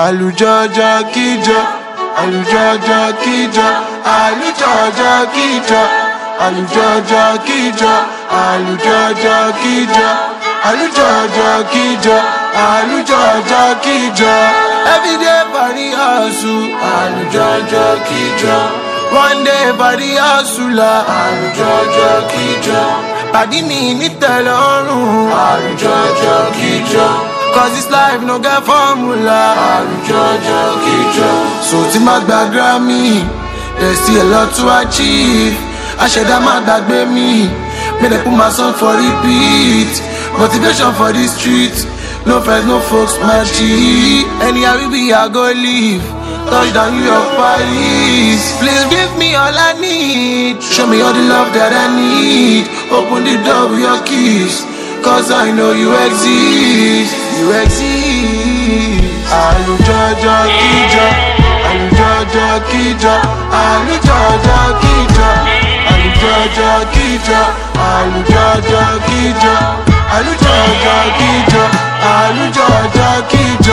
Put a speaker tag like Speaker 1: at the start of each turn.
Speaker 1: àlùjọjọ kíjọ àlùjọjọ kíjọ àlùjọjọ kíjọ àlùjọjọ kíjọ àlùjọjọ kíjọ àlùjọjọ kíjọ àlùjọjọ kíjọ everyday party house àlùjọjọ kíjọ. Monday bàdí àṣùlà. àrùjọjọ kíjọ. pàdí mi nítẹ̀lọ́rùn. àrùjọjọ kíjọ. cause this life no get formula. àrùjọjọ kíjọ. so tí má gba Grammy there's still a lot to achieve. aṣẹ̀dá má gbàgbé mi make dem put my song for repeat. motivation for the street. No friends, no folks, my G. Anyhow, we be, I go live. Touchdown, New York, Paris. Play all I need. Show me all the love that I need. Open the door with your keys. Cause I know you exist. You exist. jaja Kija. jaja Kija. jaja Kija. jaja Kija. jaja Kija. Alujaja Kija. Alujaja Kija.